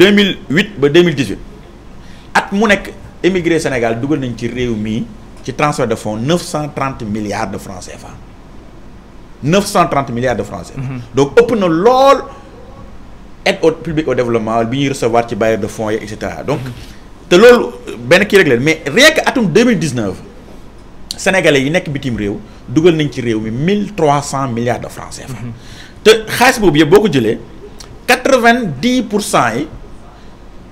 2008 ba 2018 at mu nek émigré Sénégal dougal nañ ci réew mi ci transfert de fonds 930 milliards de francs CFA 930 milliards de francs CFA. Mhm. donc ëpp na lool aide au public au développement bi ñuy recevoir ci bailleurs de fonds etc. donc mhm. te lool ben ki rek mais rien que 2019, 2019 sénégalais yi nek bitim réew dougal nañ ci mi 1300 milliards de francs CFA. Mhm. te xaalis bobu yëpp beaucoup jëlé 90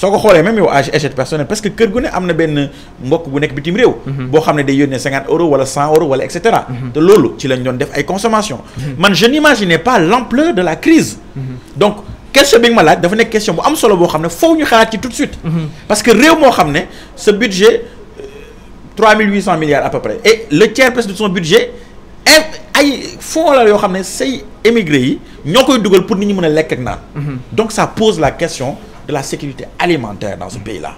soko xolé même yow âge échec personnel parce que kër gu ne am na benn mbokk bu nek bitim rew mhm. bo xamné ne day yónnee cinquante euros wala 100 euros wala etc. cetera mhm. te loolu ci lañ doon def ay consommation mhm. man je n'imaginais pas l'ampleur de la crise donc question bi nga ma laaj dafa nek question bu am solo bo xamné ne ñu xalat ci tout de suite parce que rew mo xamné ce budget 3800 euh, milliards à peu près et le tiers de son budget ay fonds la yo xamné say émigré yi ñokoy duggal pour nit ñi mën a ak naan donc ça pose la question la sécurité alimentaire dans ce pays là.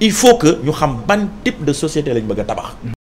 il faut que nous xam ban type de société avec le